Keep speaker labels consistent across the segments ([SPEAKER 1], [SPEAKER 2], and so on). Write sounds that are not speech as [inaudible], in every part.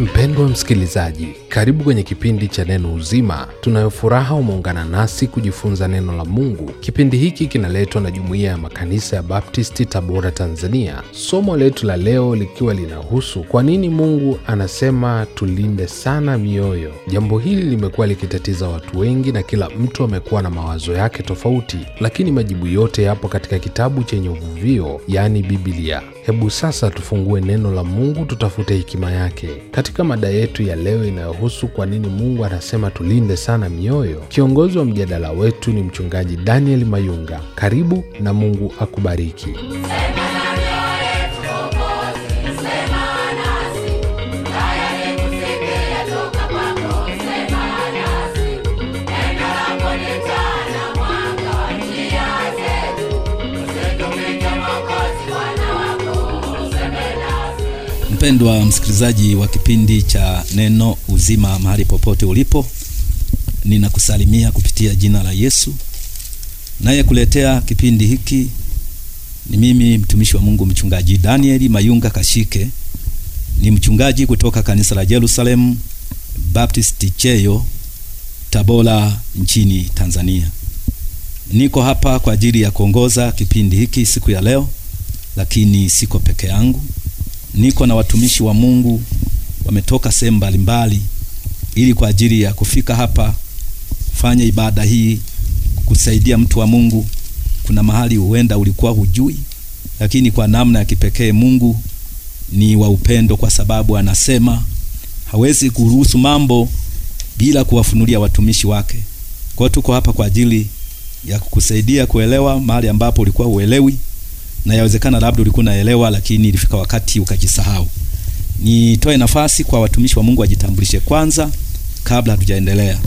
[SPEAKER 1] Mpendwa msikilizaji, karibu kwenye kipindi cha Neno Uzima. Tunayo furaha umeungana nasi kujifunza neno la Mungu. Kipindi hiki kinaletwa na Jumuiya ya Makanisa ya Baptisti, Tabora, Tanzania. Somo letu la leo likiwa linahusu kwa nini Mungu anasema tulinde sana mioyo. Jambo hili limekuwa likitatiza watu wengi na kila mtu amekuwa na mawazo yake tofauti, lakini majibu yote yapo katika kitabu chenye uvuvio, yaani Biblia. Hebu sasa tufungue neno la Mungu, tutafute hekima yake katika mada yetu ya leo inayohusu kwa nini Mungu anasema tulinde sana mioyo. Kiongozi wa mjadala wetu ni Mchungaji Daniel Mayunga. Karibu na Mungu akubariki.
[SPEAKER 2] Mpendwa msikilizaji wa kipindi cha Neno Uzima, mahali popote ulipo, ninakusalimia kupitia jina la Yesu. Naye kuletea kipindi hiki ni mimi mtumishi wa Mungu, mchungaji Danieli Mayunga Kashike. Ni mchungaji kutoka kanisa la Jerusalem Baptist Cheyo, Tabora, nchini Tanzania. Niko hapa kwa ajili ya kuongoza kipindi hiki siku ya leo, lakini siko peke yangu niko na watumishi wa Mungu wametoka sehemu mbalimbali ili kwa ajili ya kufika hapa fanya ibada hii kusaidia mtu wa Mungu. Kuna mahali huenda ulikuwa hujui, lakini kwa namna ya kipekee Mungu ni wa upendo, kwa sababu anasema hawezi kuruhusu mambo bila kuwafunulia watumishi wake. Kwa tuko hapa kwa ajili ya kukusaidia kuelewa mahali ambapo ulikuwa huelewi na yawezekana labda ulikuwa unaelewa, lakini ilifika wakati ukajisahau. Nitoe nafasi kwa watumishi wa Mungu wajitambulishe kwanza
[SPEAKER 3] kabla hatujaendelea.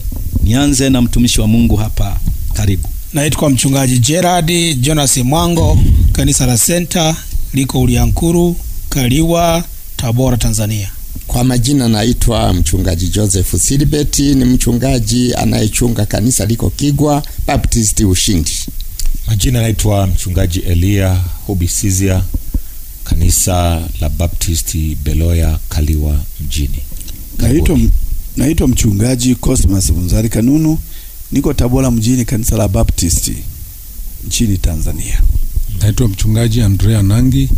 [SPEAKER 3] Nianze na mtumishi wa Mungu hapa karibu. Naitwa mchungaji Gerard Jonas Mwango, kanisa la Center liko Uliankuru, Kaliwa, Tabora, Tanzania.
[SPEAKER 4] Kwa majina naitwa mchungaji Joseph Silibeti, ni mchungaji anayechunga kanisa liko Kigwa Baptisti Ushindi.
[SPEAKER 5] Majina naitwa mchungaji Elia Hubisizia, kanisa la Baptisti Beloya, Kaliwa mjini. Naitwa
[SPEAKER 6] naitwa mchungaji Cosmas Munzari Kanunu, niko Tabora mjini, kanisa la Baptisti nchini Tanzania.
[SPEAKER 7] Naitwa mchungaji Andrea Nangi,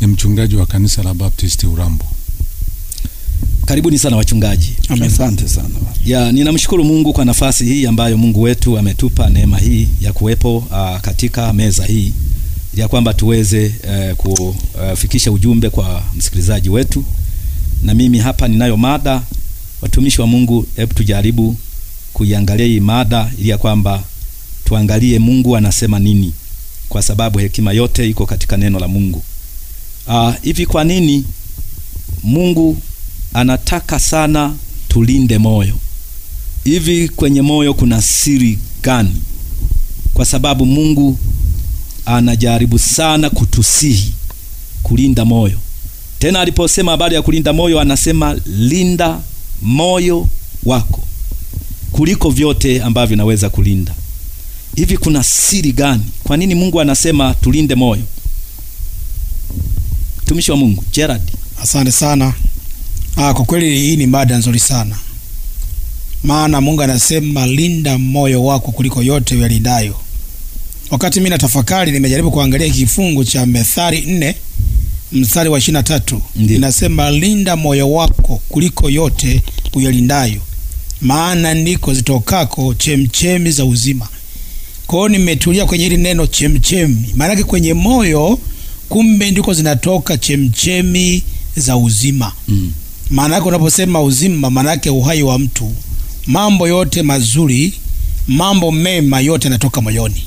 [SPEAKER 7] ni mchungaji wa kanisa la Baptisti Urambo. Karibuni sana wachungaji. Asante
[SPEAKER 6] sana.
[SPEAKER 2] Ya, ninamshukuru Mungu kwa nafasi hii ambayo Mungu wetu ametupa neema hii ya kuwepo uh, katika meza hii ya kwamba tuweze uh, kufikisha ujumbe kwa msikilizaji wetu. Na mimi hapa ninayo mada, watumishi wa Mungu, hebu tujaribu kuiangalia hii mada ili ya kwamba tuangalie Mungu anasema nini, kwa sababu hekima yote iko katika neno la Mungu. Ah, hivi uh, kwa nini Mungu anataka sana tulinde moyo. Hivi kwenye moyo kuna siri gani? Kwa sababu Mungu anajaribu sana kutusihi kulinda moyo. Tena aliposema habari ya kulinda moyo, anasema linda moyo wako kuliko vyote ambavyo naweza kulinda. Hivi kuna siri gani? Kwa nini Mungu anasema tulinde moyo? Mtumishi wa Mungu
[SPEAKER 3] Gerard, asante sana. Ah, kwa kweli hii ni mada nzuri sana, maana Mungu anasema linda moyo wako kuliko yote uyalindayo. Wakati mimi natafakari, nimejaribu kuangalia kifungu cha Methali 4 mstari wa ishirini tatu inasema linda moyo wako kuliko yote uyalindayo, maana ndiko zitokako chemchemi za uzima. Kwa hiyo nimetulia kwenye hili neno chemchemi, maanake kwenye moyo kumbe ndiko zinatoka chemchemi za uzima mm. Maana yake unaposema uzima, maana yake uhai wa mtu, mambo yote mazuri, mambo mema yote yanatoka moyoni.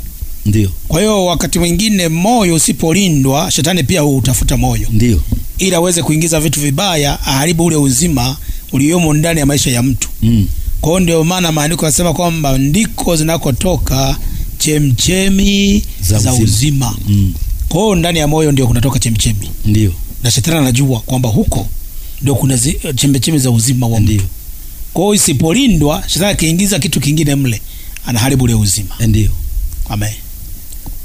[SPEAKER 3] Ndio. Kwa hiyo wakati mwingine moyo usipolindwa, shetani pia utafuta moyo, ndio, ili aweze kuingiza vitu vibaya, aharibu ule uzima uliomo ndani ya maisha ya mtu mm. Kwa hiyo ndio maana maandiko yanasema kwamba ndiko zinakotoka chemchemi za, za uzima mm. Kwa hiyo ndani ya moyo ndio kunatoka chemchemi, ndio, na shetani anajua kwamba huko ndio kuna eh, chembe za uzima wa mtu. Kwa hiyo isipolindwa, shetani akiingiza kitu kingine mle anaharibu ile uzima. Ndio. Amen.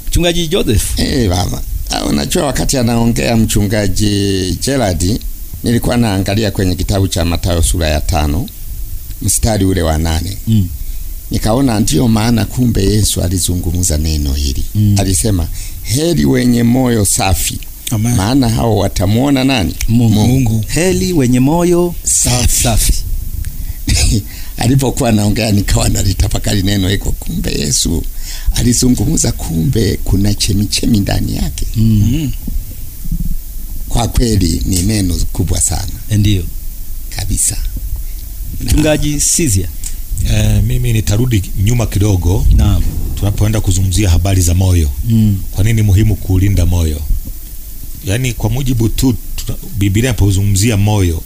[SPEAKER 4] Mchungaji Joseph. Eh, baba. Ah, unajua wakati anaongea mchungaji Gerard nilikuwa naangalia kwenye kitabu cha Mathayo sura ya tano mstari ule wa nane. Mm. Nikaona ndiyo maana kumbe Yesu alizungumza neno hili. Mm. Alisema heri wenye moyo safi Amen. Maana hao watamwona nani? Mungu. Mungu. Heli wenye moyo safi. Safi. [laughs] Alipokuwa naongea nikawa nalitafakari neno iko kumbe Yesu alizungumza, kumbe kuna chemichemi ndani yake. mm -hmm. Kwa kweli ni neno kubwa sana, ndio kabisa. Mchungaji Sizia.
[SPEAKER 5] E, mimi nitarudi nyuma kidogo, naam, tunapoenda kuzungumzia habari za moyo. mm. Kwa nini muhimu kuulinda moyo? yani kwa mujibu tu Biblia inapozungumzia moyo,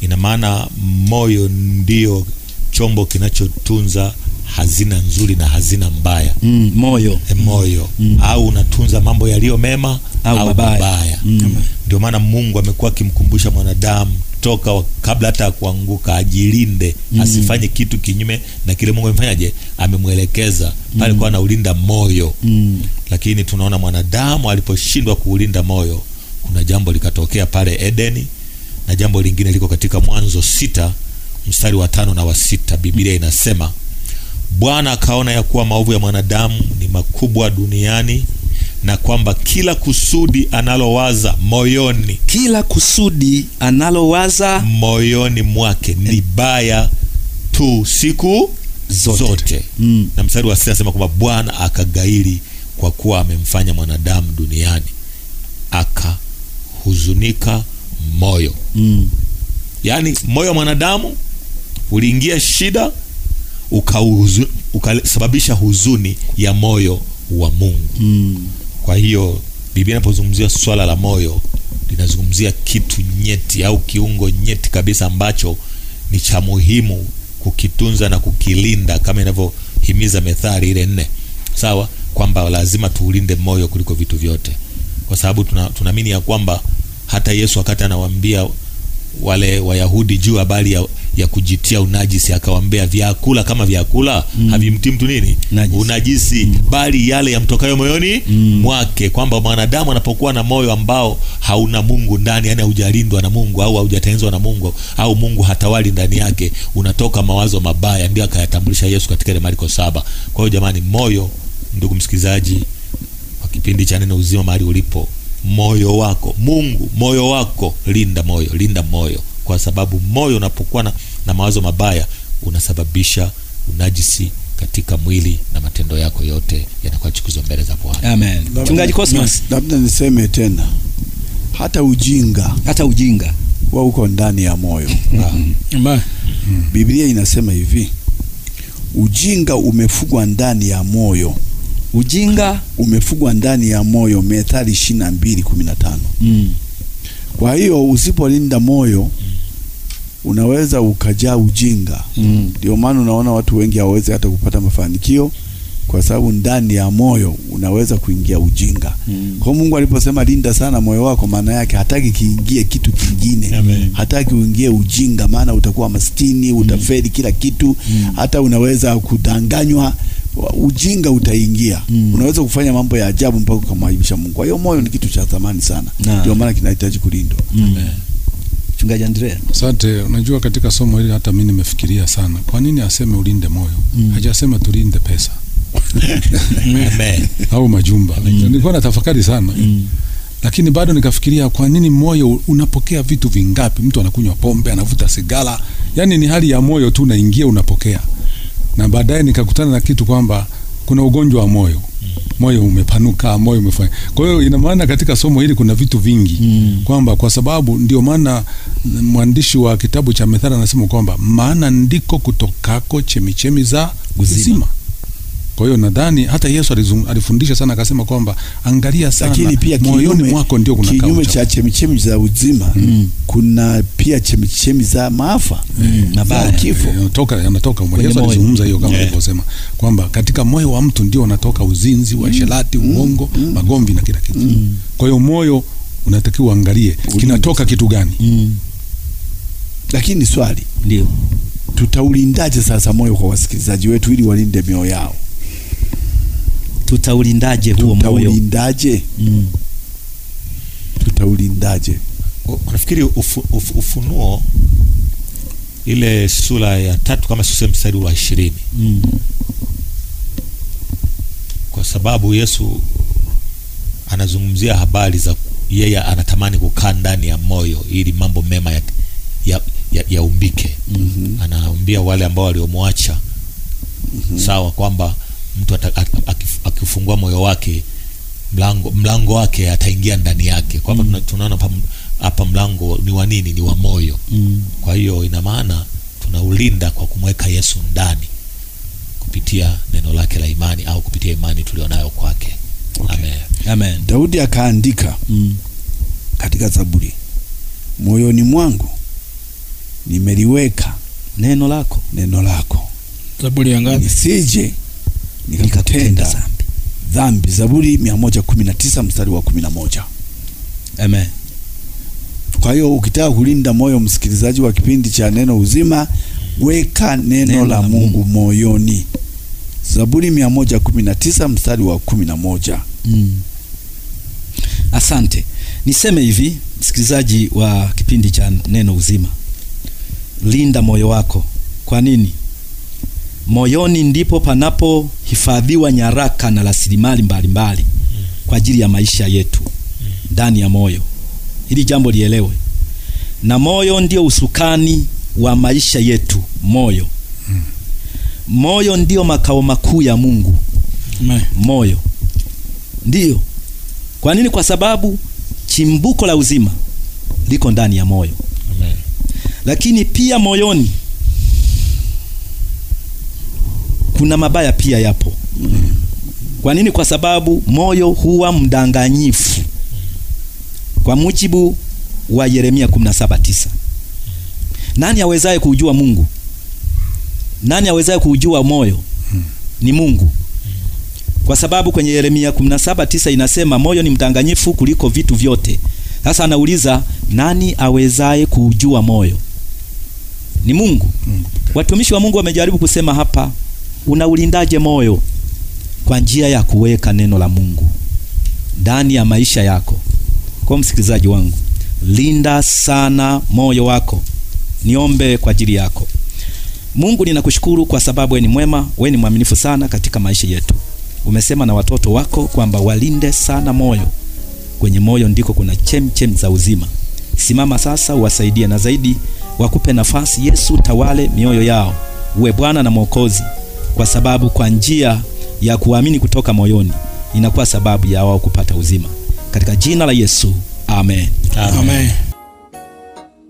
[SPEAKER 5] ina maana moyo ndio chombo kinachotunza hazina nzuri na hazina mbaya mm, moyo e, moyo mm. mm. au unatunza mambo yaliyo mema au, au mabaya, Mm. Ndio maana Mungu amekuwa akimkumbusha mwanadamu kutoka kabla hata kuanguka, ajilinde mm. asifanye kitu kinyume na kile Mungu amefanyaje, amemwelekeza pale mm. kwa anaulinda moyo mm. Lakini tunaona mwanadamu aliposhindwa kuulinda moyo, kuna jambo likatokea pale Edeni, na jambo lingine liko katika Mwanzo sita mstari wa tano na wa sita. Biblia inasema Bwana akaona ya kuwa maovu ya mwanadamu ni makubwa duniani na kwamba kila kusudi analowaza moyoni, kila kusudi analowaza moyoni mwake ni baya tu siku zote, zote. Mm. Na mstari wa sita anasema kwamba Bwana akagairi kwa kuwa amemfanya mwanadamu duniani akahuzunika moyo. Mm. Yaani moyo wa mwanadamu uliingia shida ukasababisha huzuni ya moyo wa Mungu. Mm. Kwa hiyo Biblia inapozungumzia swala la moyo linazungumzia kitu nyeti au kiungo nyeti kabisa ambacho ni cha muhimu kukitunza na kukilinda kama inavyohimiza Methali ile nne, sawa, kwamba lazima tuulinde moyo kuliko vitu vyote, kwa sababu tunaamini tuna ya kwamba hata Yesu wakati anawaambia wale Wayahudi juu habari ya ya kujitia unajisi, akawaambia vyakula kama vyakula mm. havimti mtu nini najisi, unajisi mm. bali yale yamtokayo moyoni mm. mwake, kwamba mwanadamu anapokuwa na moyo ambao hauna Mungu ndani, yani haujalindwa na Mungu au haujatengenezwa na Mungu au Mungu hatawali ndani yake, unatoka mawazo mabaya. Ndio akayatambulisha Yesu katika ile Marko saba. Kwa hiyo jamani, moyo, ndugu msikilizaji wa kipindi cha Neno Uzima, mahali ulipo moyo wako Mungu, moyo wako linda moyo, linda moyo kwa sababu moyo unapokuwa na, na mawazo mabaya unasababisha unajisi katika mwili na matendo yako yote yanakuwa chukuzwa mbele za Bwana. Amen. Mchungaji Cosmas,
[SPEAKER 6] labda niseme tena, hata ujinga hata ujinga wa uko ndani ya moyo. Mm -hmm. Biblia inasema hivi, ujinga umefugwa ndani ya moyo ujinga umefugwa ndani ya moyo, Methali 22:15 na mbili kumi na tano. Mm. Kwa hiyo usipolinda moyo mm unaweza ukajaa ujinga mm. ndio mm. maana unaona watu wengi hawawezi hata kupata mafanikio kwa sababu ndani ya moyo unaweza kuingia ujinga mm. kwa Mungu aliposema linda sana moyo wako, maana yake hataki kiingie kitu kingine Amen. hataki uingie ujinga, maana utakuwa maskini, mm. utafeli mm. kila kitu mm. hata unaweza kudanganywa, ujinga utaingia mm. unaweza kufanya mambo ya ajabu mpaka ukamwaibisha Mungu. Kwa hiyo moyo ni kitu cha thamani sana, ndio maana kinahitaji kulindwa. Amen. Mchungaji Andrea.
[SPEAKER 7] Asante. Unajua, katika somo hili hata mimi nimefikiria sana, kwa nini aseme ulinde moyo? mm. hajasema tulinde pesa [laughs] au majumba mm. nilikuwa na tafakari sana mm. lakini bado nikafikiria, kwa nini moyo unapokea vitu vingapi? Mtu anakunywa pombe, anavuta sigara, yani ni hali ya moyo tu, unaingia unapokea, na baadaye nikakutana na kitu kwamba kuna ugonjwa wa moyo moyo umepanuka, moyo umefanya. Kwa hiyo ina maana katika somo hili kuna vitu vingi mm. kwamba kwa sababu ndio maana mwandishi wa kitabu cha Methali anasema kwamba maana ndiko kutokako chemichemi za uzima. Kwa hiyo nadhani hata Yesu alifundisha sana akasema kwamba angalia sana lakini pia moyoni mwako ndio kuna kinyume cha
[SPEAKER 6] chemichemi za uzima mm. kuna pia chemichemi za maafa mm. na baa eh, kifo eh,
[SPEAKER 7] yanatoka yanatoka. Yesu alizungumza hiyo kama alivyosema
[SPEAKER 6] yeah. kwamba katika moyo wa mtu ndio unatoka uzinzi,
[SPEAKER 7] mm. uasherati, mm. uongo, mm. magomvi na kila kitu mm. kwa hiyo moyo unatakiwa angalie
[SPEAKER 6] kinatoka kitu gani mm. Lakini swali ndio tutaulindaje sasa moyo kwa wasikilizaji wetu ili walinde mioyo yao? tutaulindaje huo moyo? Tutaulindaje?
[SPEAKER 5] mm. tutaulindaje? Unafikiri ufu, uf, Ufunuo ile sura ya tatu kama sisi mstari wa ishirini mm. kwa sababu Yesu anazungumzia habari za yeye anatamani kukaa ndani ya moyo ili mambo mema ya, ya, ya, yaumbike. mm -hmm. Anaambia wale ambao waliomwacha mm -hmm. sawa kwamba mtu akifungua moyo wake mlango mlango wake ataingia ndani yake kwa mm. tunaona hapa mlango ni wa nini ni wa moyo mm. kwa hiyo ina maana tunaulinda kwa kumweka yesu ndani kupitia neno lake la imani au kupitia imani tulionayo kwake okay. amen,
[SPEAKER 6] amen. daudi akaandika mm. katika zaburi moyoni mwangu nimeliweka neno lako neno lako zaburi ya ngapi nisije nikatenda dhambi dhambi. Zaburi 119 mstari wa 11. Amen. Kwa hiyo ukitaka kulinda moyo, msikilizaji wa kipindi cha neno uzima, weka neno, neno la Mungu moyoni. Zaburi 119 mstari wa 11.
[SPEAKER 7] Mm.
[SPEAKER 2] Asante. Niseme hivi, msikilizaji wa kipindi cha neno uzima, linda moyo wako. Kwa nini? Moyoni ndipo panapohifadhiwa nyaraka na rasilimali mbalimbali kwa ajili ya maisha yetu ndani ya moyo. Hili jambo lielewe, na moyo ndio usukani wa maisha yetu. Moyo moyo ndio makao makuu ya Mungu. Moyo ndiyo. Kwa nini? Kwa sababu chimbuko la uzima liko ndani ya moyo. Amen. Lakini pia moyoni kuna mabaya pia yapo. Kwa nini? Kwa sababu moyo huwa mdanganyifu, kwa mujibu wa Yeremia 17:9. Nani awezaye kujua Mungu? Nani awezaye kujua moyo? Ni Mungu, kwa sababu kwenye Yeremia 17:9 inasema moyo ni mdanganyifu kuliko vitu vyote. Sasa anauliza nani awezaye kujua moyo? Ni Mungu. Watumishi wa Mungu wamejaribu kusema hapa Unaulindaje moyo? Kwa njia ya kuweka neno la Mungu ndani ya maisha yako. Kwa msikilizaji wangu, linda sana moyo wako. Niombe kwa ajili yako. Mungu, ninakushukuru kwa sababu wewe ni mwema, wewe ni mwaminifu sana katika maisha yetu. Umesema na watoto wako kwamba walinde sana moyo, kwenye moyo ndiko kuna chemchem za uzima. Simama sasa, uwasaidie na zaidi, wakupe nafasi. Yesu, tawale mioyo yao, uwe Bwana na Mwokozi kwa sababu kwa njia ya kuamini kutoka moyoni inakuwa sababu ya wao kupata uzima katika jina la Yesu amen, amen. amen.